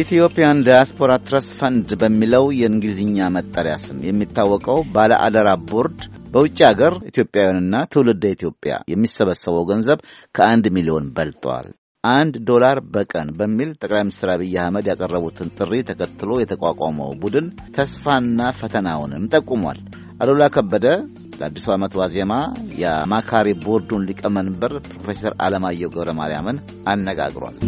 ኢትዮጵያን ዳያስፖራ ትረስት ፈንድ በሚለው የእንግሊዝኛ መጠሪያ ስም የሚታወቀው ባለ አደራ ቦርድ በውጭ አገር ኢትዮጵያውያንና ትውልደ ኢትዮጵያ የሚሰበሰበው ገንዘብ ከአንድ ሚሊዮን በልጧል። አንድ ዶላር በቀን በሚል ጠቅላይ ሚኒስትር አብይ አህመድ ያቀረቡትን ጥሪ ተከትሎ የተቋቋመው ቡድን ተስፋና ፈተናውንም ጠቁሟል። አሉላ ከበደ ለአዲሱ ዓመት ዋዜማ የአማካሪ ቦርዱን ሊቀመንበር ፕሮፌሰር አለማየሁ ገብረ ማርያምን አነጋግሯል።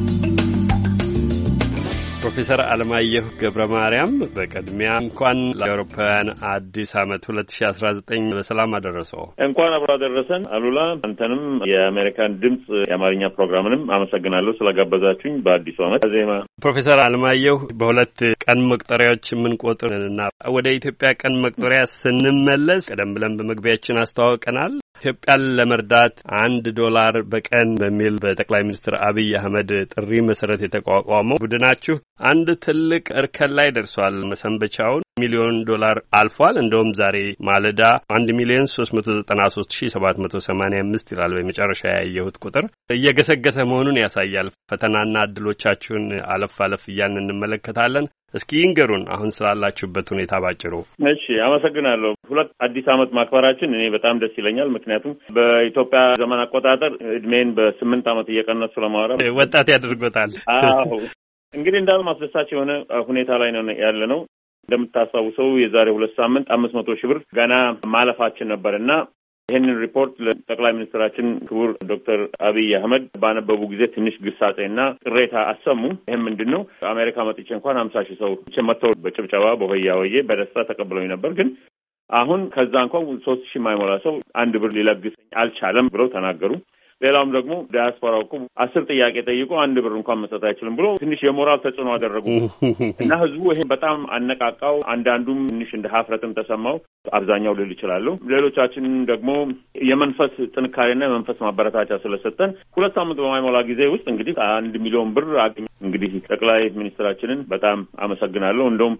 ፕሮፌሰር አለማየሁ ገብረ ማርያም በቅድሚያ እንኳን ለአውሮፓውያን አዲስ ዓመት 2019 በሰላም አደረሰው። እንኳን አብሮ አደረሰን። አሉላ አንተንም የአሜሪካን ድምፅ የአማርኛ ፕሮግራምንም አመሰግናለሁ ስለጋበዛችሁኝ። በአዲሱ አመት ዜማ ፕሮፌሰር አለማየሁ በሁለት ቀን መቁጠሪያዎች የምንቆጥርና ወደ ኢትዮጵያ ቀን መቁጠሪያ ስንመለስ ቀደም ብለን በመግቢያችን አስተዋውቀናል። ኢትዮጵያን ለመርዳት አንድ ዶላር በቀን በሚል በጠቅላይ ሚኒስትር አብይ አህመድ ጥሪ መሰረት የተቋቋመው ቡድናችሁ አንድ ትልቅ እርከን ላይ ደርሷል። መሰንበቻውን ሚሊዮን ዶላር አልፏል። እንደውም ዛሬ ማለዳ አንድ ሚሊዮን ሶስት መቶ ዘጠና ሶስት ሺ ሰባት መቶ ሰማኒያ አምስት ይላል በመጨረሻ ያየሁት ቁጥር እየገሰገሰ መሆኑን ያሳያል። ፈተናና እድሎቻችሁን አለፍ አለፍ እያን እንመለከታለን። እስኪ ይንገሩን አሁን ስላላችሁበት ሁኔታ ባጭሩ። እሺ፣ አመሰግናለሁ። ሁለት አዲስ ዓመት ማክበራችን እኔ በጣም ደስ ይለኛል። ምክንያቱም በኢትዮጵያ ዘመን አቆጣጠር እድሜን በስምንት ዓመት እየቀነሱ ለማውራት ወጣት ያደርጎታል። አዎ እንግዲህ እንዳሉ አስደሳች የሆነ ሁኔታ ላይ ነው ያለ ነው። እንደምታስታውሰው የዛሬ ሁለት ሳምንት አምስት መቶ ሺህ ብር ገና ማለፋችን ነበር እና ይህንን ሪፖርት ለጠቅላይ ሚኒስትራችን ክቡር ዶክተር አብይ አህመድ ባነበቡ ጊዜ ትንሽ ግሳጼና ቅሬታ አሰሙ። ይህም ምንድን ነው? አሜሪካ መጥቼ እንኳን ሀምሳ ሺህ ሰው መጥተው በጭብጨባ በሆያ ወዬ በደስታ ተቀብለውኝ ነበር ግን አሁን ከዛ እንኳን ሶስት ሺህ የማይሞላ ሰው አንድ ብር ሊለግሰኝ አልቻለም ብለው ተናገሩ። ሌላውም ደግሞ ዳያስፖራው እኮ አስር ጥያቄ ጠይቆ አንድ ብር እንኳን መስጠት አይችልም ብሎ ትንሽ የሞራል ተጽዕኖ አደረጉ እና ህዝቡ ይሄ በጣም አነቃቃው። አንዳንዱም ትንሽ እንደ ሀፍረትም ተሰማው። አብዛኛው ልል ይችላሉ። ሌሎቻችን ደግሞ የመንፈስ ጥንካሬና የመንፈስ ማበረታቻ ስለሰጠን ሁለት ሳምንት በማይሞላ ጊዜ ውስጥ እንግዲህ አንድ ሚሊዮን ብር አገኘ። እንግዲህ ጠቅላይ ሚኒስትራችንን በጣም አመሰግናለሁ። እንደውም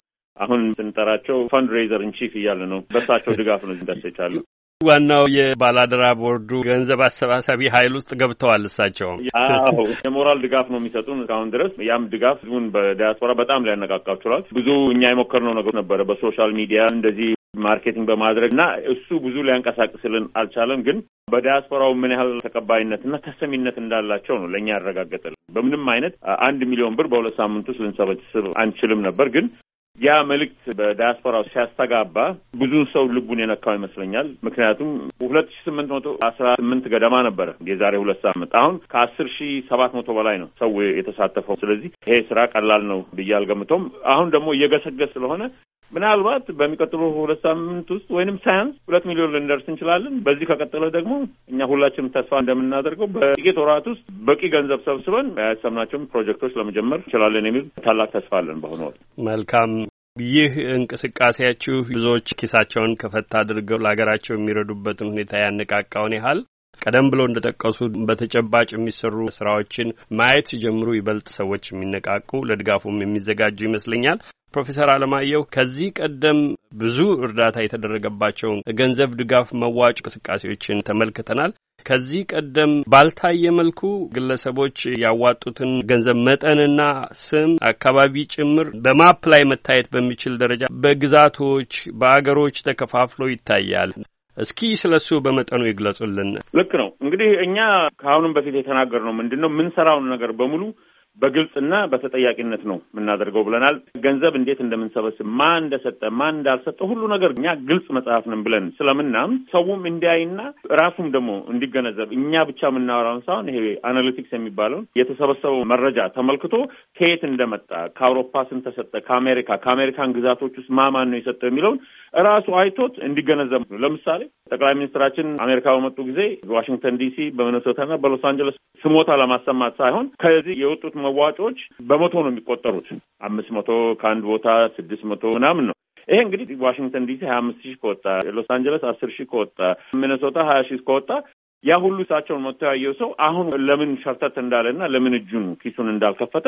አሁን ስንጠራቸው ፈንድሬዘር ኢን ቺፍ እያለ ነው። በሳቸው ድጋፍ ነው ደስ ይቻለሁ። ዋናው የባላደራ ቦርዱ ገንዘብ አሰባሳቢ ኃይል ውስጥ ገብተዋል። እሳቸውም አዎ የሞራል ድጋፍ ነው የሚሰጡን እስካሁን ድረስ። ያም ድጋፍ ህዝቡን በዲያስፖራ በጣም ሊያነቃቃ ችሏል። ብዙ እኛ የሞከርነው ነገር ነበረ በሶሻል ሚዲያ እንደዚህ ማርኬቲንግ በማድረግ እና እሱ ብዙ ሊያንቀሳቅስልን አልቻለም። ግን በዲያስፖራው ምን ያህል ተቀባይነትና ተሰሚነት እንዳላቸው ነው ለእኛ ያረጋገጠልን። በምንም አይነት አንድ ሚሊዮን ብር በሁለት ሳምንት ውስጥ ልንሰበስብ አንችልም ነበር ግን ያ መልእክት በዳያስፖራው ሲያስተጋባ ብዙ ሰው ልቡን የነካው ይመስለኛል። ምክንያቱም ሁለት ሺ ስምንት መቶ አስራ ስምንት ገደማ ነበረ የዛሬ ሁለት ሳምንት፣ አሁን ከአስር ሺ ሰባት መቶ በላይ ነው ሰው የተሳተፈው። ስለዚህ ይሄ ስራ ቀላል ነው ብዬ አልገምቶም። አሁን ደግሞ እየገሰገስ ስለሆነ ምናልባት በሚቀጥሉ ሁለት ሳምንት ውስጥ ወይንም ሳያንስ ሁለት ሚሊዮን ልንደርስ እንችላለን። በዚህ ከቀጠለ ደግሞ እኛ ሁላችንም ተስፋ እንደምናደርገው በጥቂት ወራት ውስጥ በቂ ገንዘብ ሰብስበን ያሰብናቸውን ፕሮጀክቶች ለመጀመር እንችላለን የሚል ታላቅ ተስፋ አለን። በአሁኑ ወቅት መልካም ይህ እንቅስቃሴያችሁ ብዙዎች ኪሳቸውን ከፈታ አድርገው ለሀገራቸው የሚረዱበትን ሁኔታ ያነቃቃውን ያህል ቀደም ብሎ እንደ ጠቀሱ በተጨባጭ የሚሰሩ ስራዎችን ማየት ሲጀምሩ ይበልጥ ሰዎች የሚነቃቁ ለድጋፉም የሚዘጋጁ ይመስለኛል። ፕሮፌሰር አለማየሁ ከዚህ ቀደም ብዙ እርዳታ የተደረገባቸውን ገንዘብ ድጋፍ መዋጭ እንቅስቃሴዎችን ተመልክተናል። ከዚህ ቀደም ባልታየ መልኩ ግለሰቦች ያዋጡትን ገንዘብ መጠንና ስም አካባቢ ጭምር በማፕ ላይ መታየት በሚችል ደረጃ በግዛቶች በአገሮች ተከፋፍሎ ይታያል። እስኪ ስለሱ በመጠኑ ይግለጹልን። ልክ ነው። እንግዲህ እኛ ከአሁንም በፊት የተናገር ነው ምንድን ነው የምንሰራውን ነገር በሙሉ በግልጽና በተጠያቂነት ነው የምናደርገው ብለናል። ገንዘብ እንዴት እንደምንሰበስብ፣ ማን እንደሰጠ፣ ማን እንዳልሰጠ ሁሉ ነገር እኛ ግልጽ መጽሐፍ ነን ብለን ስለምናምን ሰውም እንዲያይና ራሱም ደግሞ እንዲገነዘብ እኛ ብቻ የምናወራውን ሳይሆን ይሄ አናሊቲክስ የሚባለውን የተሰበሰበው መረጃ ተመልክቶ ከየት እንደመጣ ከአውሮፓ ስንት ተሰጠ፣ ከአሜሪካ ከአሜሪካን ግዛቶች ውስጥ ማማን ነው የሰጠው የሚለውን ራሱ አይቶት እንዲገነዘብ ነው። ለምሳሌ ጠቅላይ ሚኒስትራችን አሜሪካ በመጡ ጊዜ ዋሽንግተን ዲሲ፣ በሚኒሶታና በሎስ አንጀለስ ስሞታ ለማሰማት ሳይሆን ከዚህ የወጡት መዋጮች በመቶ ነው የሚቆጠሩት። አምስት መቶ ከአንድ ቦታ ስድስት መቶ ምናምን ነው። ይሄ እንግዲህ ዋሽንግተን ዲሲ ሀያ አምስት ሺህ ከወጣ፣ ሎስ አንጀለስ አስር ሺህ ከወጣ፣ ሚነሶታ ሀያ ሺህ ከወጣ ያ ሁሉ እሳቸውን መጥቶ ያየው ሰው አሁን ለምን ሸርተት እንዳለና ለምን እጁን ኪሱን እንዳልከፈተ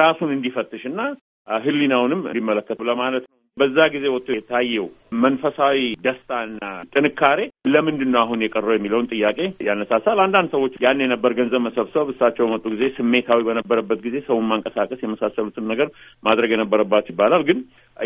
ራሱን እንዲፈትሽ ህሊናውንም ሕሊናውንም እንዲመለከት ለማለት ነው። በዛ ጊዜ ወጥቶ የታየው መንፈሳዊ ደስታና ጥንካሬ ለምንድን ነው አሁን የቀረው የሚለውን ጥያቄ ያነሳሳል። አንዳንድ ሰዎች ያን የነበር ገንዘብ መሰብሰብ፣ እሳቸው መጡ ጊዜ ስሜታዊ በነበረበት ጊዜ ሰውን ማንቀሳቀስ የመሳሰሉትን ነገር ማድረግ የነበረባት ይባላል። ግን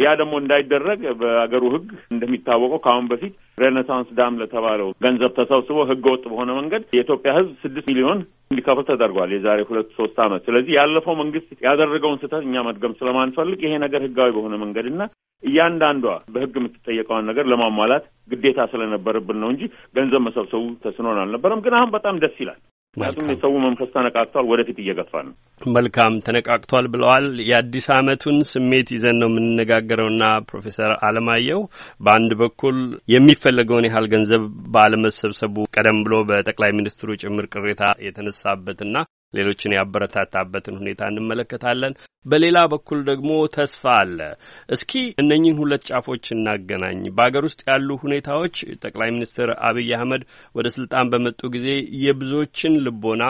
ያ ደግሞ እንዳይደረግ በአገሩ ህግ እንደሚታወቀው ከአሁን በፊት ሬኔሳንስ ዳም ለተባለው ገንዘብ ተሰብስቦ ህገ ወጥ በሆነ መንገድ የኢትዮጵያ ህዝብ ስድስት ሚሊዮን እንዲከፍል ተደርጓል የዛሬ ሁለት ሶስት ዓመት። ስለዚህ ያለፈው መንግስት ያደረገውን ስህተት እኛ መድገም ስለማንፈልግ ይሄ ነገር ህጋዊ በሆነ መንገድ እና እያንዳንዷ በህግ የምትጠየቀውን ነገር ለማሟላት ግዴታ ስለነበረብን ነው እንጂ ገንዘብ መሰብሰቡ ተስኖን አልነበረም። ግን አሁን በጣም ደስ ይላል። ምክንያቱም የሰው መንፈስ ተነቃቅቷል፣ ወደፊት እየገፋ ነው። መልካም ተነቃቅቷል ብለዋል። የአዲስ ዓመቱን ስሜት ይዘን ነው የምንነጋገረውና ፕሮፌሰር አለማየሁ በአንድ በኩል የሚፈለገውን ያህል ገንዘብ ባለመሰብሰቡ ቀደም ብሎ በጠቅላይ ሚኒስትሩ ጭምር ቅሬታ የተነሳበትና ሌሎችን ያበረታታበትን ሁኔታ እንመለከታለን። በሌላ በኩል ደግሞ ተስፋ አለ። እስኪ እነኚህን ሁለት ጫፎች እናገናኝ። በሀገር ውስጥ ያሉ ሁኔታዎች ጠቅላይ ሚኒስትር አብይ አህመድ ወደ ስልጣን በመጡ ጊዜ የብዙዎችን ልቦና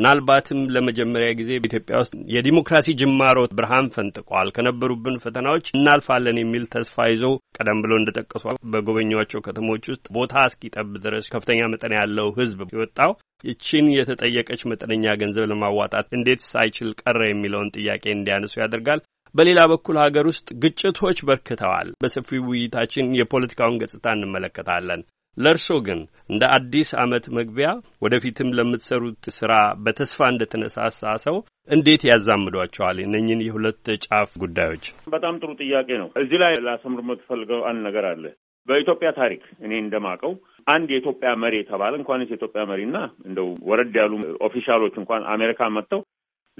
ምናልባትም ለመጀመሪያ ጊዜ በኢትዮጵያ ውስጥ የዲሞክራሲ ጅማሮ ብርሃን ፈንጥቋል፣ ከነበሩብን ፈተናዎች እናልፋለን የሚል ተስፋ ይዞ ቀደም ብሎ እንደ ጠቀሱ በጎበኟቸው ከተሞች ውስጥ ቦታ እስኪጠብ ድረስ ከፍተኛ መጠን ያለው ሕዝብ የወጣው ይችን የተጠየቀች መጠነኛ ገንዘብ ለማዋጣት እንዴት ሳይችል ቀረ የሚለውን ጥያቄ እንዲያነሱ ያደርጋል። በሌላ በኩል ሀገር ውስጥ ግጭቶች በርክተዋል። በሰፊው ውይይታችን የፖለቲካውን ገጽታ እንመለከታለን። ለእርሶ ግን እንደ አዲስ ዓመት መግቢያ ወደፊትም ለምትሰሩት ስራ በተስፋ እንደ ተነሳሳ ሰው እንዴት ያዛምዷቸዋል እነኝን የሁለት ጫፍ ጉዳዮች? በጣም ጥሩ ጥያቄ ነው። እዚህ ላይ ላሰምር የምትፈልገው አንድ ነገር አለ። በኢትዮጵያ ታሪክ እኔ እንደማቀው አንድ የኢትዮጵያ መሪ የተባለ እንኳንስ የኢትዮጵያ መሪና እንደው ወረድ ያሉ ኦፊሻሎች እንኳን አሜሪካ መጥተው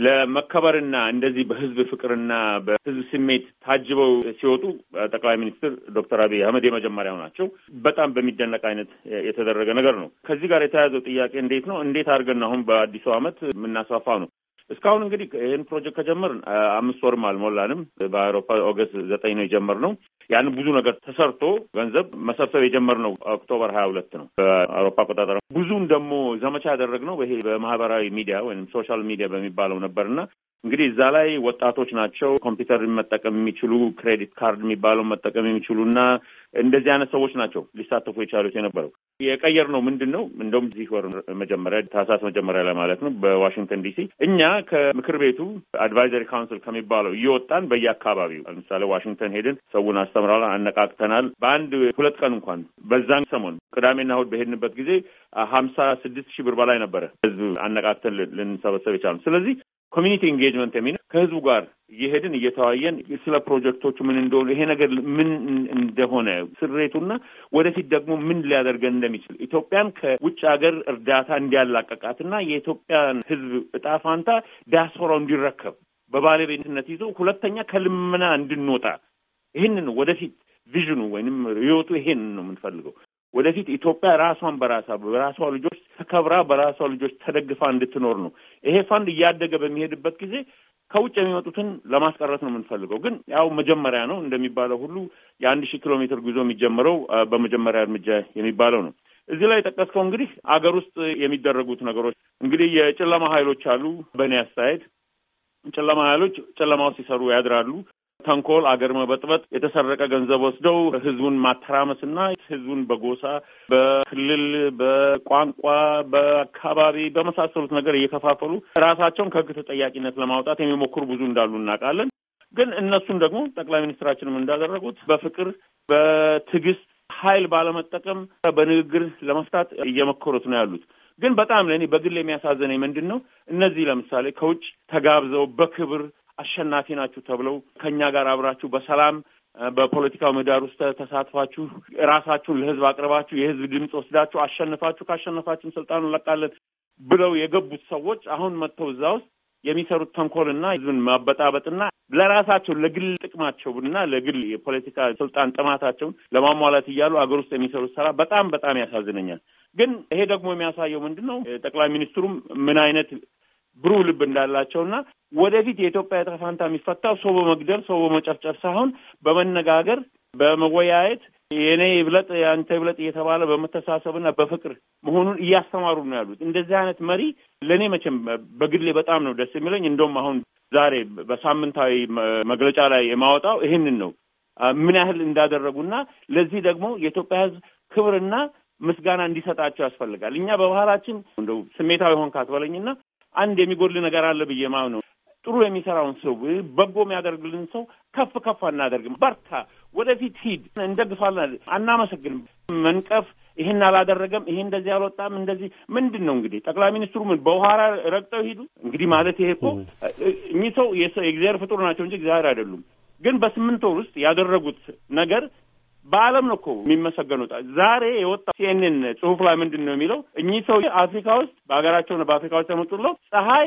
ለመከበርና እንደዚህ በህዝብ ፍቅርና በህዝብ ስሜት ታጅበው ሲወጡ ጠቅላይ ሚኒስትር ዶክተር አብይ አህመድ የመጀመሪያው ናቸው። በጣም በሚደነቅ አይነት የተደረገ ነገር ነው። ከዚህ ጋር የተያያዘው ጥያቄ እንዴት ነው እንዴት አድርገን አሁን በአዲሱ ዓመት የምናስፋፋ ነው? እስካሁን እንግዲህ ይህን ፕሮጀክት ከጀመርን አምስት ወርም አልሞላንም። በአውሮፓ ኦገስት ዘጠኝ ነው የጀመርነው። ያንን ብዙ ነገር ተሰርቶ ገንዘብ መሰብሰብ የጀመርነው ኦክቶበር ሀያ ሁለት ነው በአውሮፓ አቆጣጠር። ብዙም ደግሞ ዘመቻ ያደረግነው ይሄ በማህበራዊ ሚዲያ ወይም ሶሻል ሚዲያ በሚባለው ነበርና እንግዲህ እዛ ላይ ወጣቶች ናቸው ኮምፒውተር መጠቀም የሚችሉ ክሬዲት ካርድ የሚባለው መጠቀም የሚችሉ እና እንደዚህ አይነት ሰዎች ናቸው ሊሳተፉ የቻሉት የነበረው። የቀየር ነው ምንድን ነው እንደውም እዚህ ወር መጀመሪያ ታህሳስ መጀመሪያ ላይ ማለት ነው በዋሽንግተን ዲሲ እኛ ከምክር ቤቱ አድቫይዘሪ ካውንስል ከሚባለው እየወጣን በየአካባቢው ለምሳሌ ዋሽንግተን ሄድን፣ ሰውን አስተምራል፣ አነቃቅተናል። በአንድ ሁለት ቀን እንኳን በዛን ሰሞን ቅዳሜና እሑድ በሄድንበት ጊዜ ሀምሳ ስድስት ሺህ ብር በላይ ነበረ ህዝብ አነቃቅተን ልንሰበሰብ የቻሉ ስለዚህ ኮሚኒቲ ኢንጌጅመንት የሚ ከህዝቡ ጋር እየሄድን እየተዋየን ስለ ፕሮጀክቶቹ ምን እንደሆነ ይሄ ነገር ምን እንደሆነ ስሬቱና ወደፊት ደግሞ ምን ሊያደርገን እንደሚችል ኢትዮጵያን ከውጭ ሀገር እርዳታ እንዲያላቀቃትና የኢትዮጵያን ህዝብ እጣ ፋንታ ዲያስፖራው እንዲረከብ በባለቤትነት ይዞ ሁለተኛ ከልመና እንድንወጣ ይህንን ወደፊት ቪዥኑ ወይም ህይወቱ ይሄን ነው የምንፈልገው። ወደፊት ኢትዮጵያ ራሷን በራሳ በራሷ ልጆች ተከብራ በራሷ ልጆች ተደግፋ እንድትኖር ነው። ይሄ ፋንድ እያደገ በሚሄድበት ጊዜ ከውጭ የሚመጡትን ለማስቀረት ነው የምንፈልገው። ግን ያው መጀመሪያ ነው እንደሚባለው ሁሉ የአንድ ሺህ ኪሎ ሜትር ጉዞ የሚጀምረው በመጀመሪያ እርምጃ የሚባለው ነው። እዚህ ላይ የጠቀስከው እንግዲህ አገር ውስጥ የሚደረጉት ነገሮች እንግዲህ የጨለማ ኃይሎች አሉ። በእኔ አስተያየት ጨለማ ኃይሎች ጨለማው ውስጥ ሲሰሩ ያድራሉ። ተንኮል፣ አገር መበጥበጥ፣ የተሰረቀ ገንዘብ ወስደው ህዝቡን ማተራመስና ህዝቡን በጎሳ በክልል፣ በቋንቋ፣ በአካባቢ በመሳሰሉት ነገር እየከፋፈሉ ራሳቸውን ከህግ ተጠያቂነት ለማውጣት የሚሞክሩ ብዙ እንዳሉ እናውቃለን። ግን እነሱን ደግሞ ጠቅላይ ሚኒስትራችንም እንዳደረጉት በፍቅር በትዕግስት ኃይል ባለመጠቀም በንግግር ለመፍታት እየመከሩት ነው ያሉት። ግን በጣም ለእኔ በግል የሚያሳዝነኝ ምንድን ነው እነዚህ ለምሳሌ ከውጭ ተጋብዘው በክብር አሸናፊ ናችሁ ተብለው ከእኛ ጋር አብራችሁ በሰላም በፖለቲካው ምህዳር ውስጥ ተሳትፋችሁ ራሳችሁን ለህዝብ አቅርባችሁ የህዝብ ድምፅ ወስዳችሁ አሸንፋችሁ ካሸነፋችሁም ስልጣን እንለቃለን ብለው የገቡት ሰዎች አሁን መጥተው እዛ ውስጥ የሚሰሩት ተንኮልና ህዝብን ማበጣበጥና ለራሳቸው ለግል ጥቅማቸውና ለግል የፖለቲካ ስልጣን ጥማታቸውን ለማሟላት እያሉ አገር ውስጥ የሚሰሩት ስራ በጣም በጣም ያሳዝነኛል። ግን ይሄ ደግሞ የሚያሳየው ምንድን ነው ጠቅላይ ሚኒስትሩም ምን አይነት ብሩህ ልብ እንዳላቸውና ወደፊት የኢትዮጵያ ዕጣ ፈንታ የሚፈታው ሰው በመግደል ሰው በመጨፍጨፍ ሳይሆን በመነጋገር በመወያየት የእኔ ይብለጥ የአንተ ይብለጥ እየተባለ በመተሳሰብና በፍቅር መሆኑን እያስተማሩ ነው ያሉት። እንደዚህ አይነት መሪ ለእኔ መቼም በግሌ በጣም ነው ደስ የሚለኝ። እንደውም አሁን ዛሬ በሳምንታዊ መግለጫ ላይ የማወጣው ይህንን ነው ምን ያህል እንዳደረጉና ለዚህ ደግሞ የኢትዮጵያ ሕዝብ ክብርና ምስጋና እንዲሰጣቸው ያስፈልጋል። እኛ በባህላችን እንደው ስሜታዊ ሆን ካትበለኝና አንድ የሚጎድል ነገር አለ ብዬ ማም ነው ጥሩ የሚሰራውን ሰው በጎ የሚያደርግልን ሰው ከፍ ከፍ አናደርግም። በርታ፣ ወደፊት ሂድ፣ እንደግፋለን፣ አናመሰግንም። መንቀፍ ይህን አላደረገም፣ ይሄ እንደዚህ አልወጣም፣ እንደዚህ ምንድን ነው እንግዲህ ጠቅላይ ሚኒስትሩ ምን በውኋራ ረግጠው ሂዱ እንግዲህ ማለት ይሄ እኮ እኚህ ሰው የእግዚአብሔር ፍጡር ናቸው እንጂ እግዚአብሔር አይደሉም። ግን በስምንት ወር ውስጥ ያደረጉት ነገር በዓለም ነው እኮ የሚመሰገኑት። ዛሬ የወጣ ሲኤንኤን ጽሁፍ ላይ ምንድን ነው የሚለው? እኚህ ሰው አፍሪካ ውስጥ በሀገራቸው ነው በአፍሪካ ውስጥ ያመጡለው ፀሐይ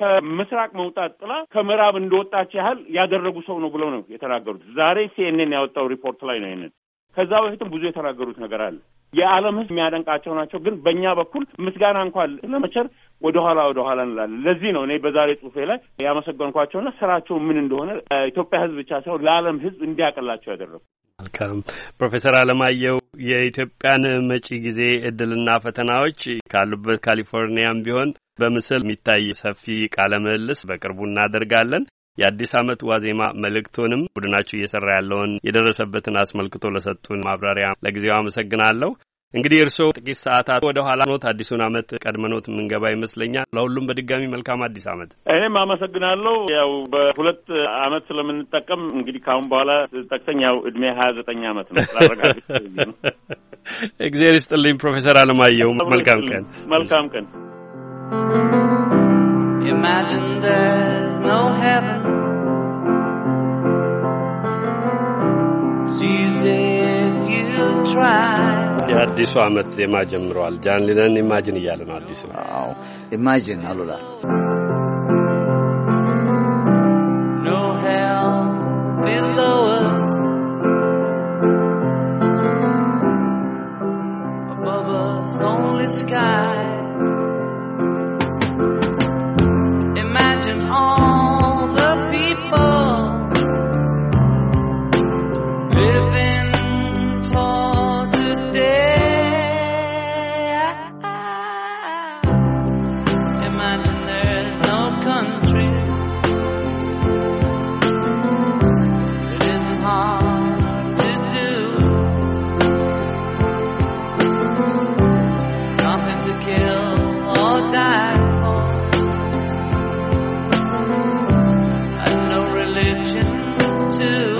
ከምስራቅ መውጣት ጥላ ከምዕራብ እንደወጣች ያህል ያደረጉ ሰው ነው ብለው ነው የተናገሩት። ዛሬ ሲኤንኤን ያወጣው ሪፖርት ላይ ነው ይንን። ከዛ በፊትም ብዙ የተናገሩት ነገር አለ። የዓለም ሕዝብ የሚያደንቃቸው ናቸው። ግን በእኛ በኩል ምስጋና እንኳን ለመቸር ወደኋላ ወደኋላ እንላለን። ለዚህ ነው እኔ በዛሬ ጽሁፌ ላይ ያመሰገንኳቸውና ስራቸው ምን እንደሆነ ኢትዮጵያ ሕዝብ ብቻ ሳይሆን ለዓለም ሕዝብ እንዲያቀላቸው ያደረጉ መልካም ፕሮፌሰር አለማየሁ የኢትዮጵያን መጪ ጊዜ እድልና ፈተናዎች ካሉበት ካሊፎርኒያም ቢሆን በምስል የሚታይ ሰፊ ቃለ ምልልስ በቅርቡ እናደርጋለን። የአዲስ ዓመት ዋዜማ መልእክቱንም ቡድናችሁ እየሰራ ያለውን የደረሰበትን አስመልክቶ ለሰጡን ማብራሪያ ለጊዜው አመሰግናለሁ። እንግዲህ እርስዎ ጥቂት ሰዓታት ወደ ኋላ ኖት አዲሱን ዓመት ቀድመኖት የምንገባ ይመስለኛል። ለሁሉም በድጋሚ መልካም አዲስ ዓመት። እኔም አመሰግናለሁ። ያው በሁለት ዓመት ስለምንጠቀም እንግዲህ ከአሁን በኋላ ጠቅሰኝ ያው እድሜ ሀያ ዘጠኝ ዓመት ነው። እግዚአብሔር ይስጥልኝ ፕሮፌሰር አለማየሁ መልካም ቀን። መልካም ቀን። Imagine there's no heaven. የአዲሱ ዓመት ዜማ ጀምረዋል። ጃን ሊነን ኢማጅን እያለ ነው አዲሱ። ኢማጅን አሉላ to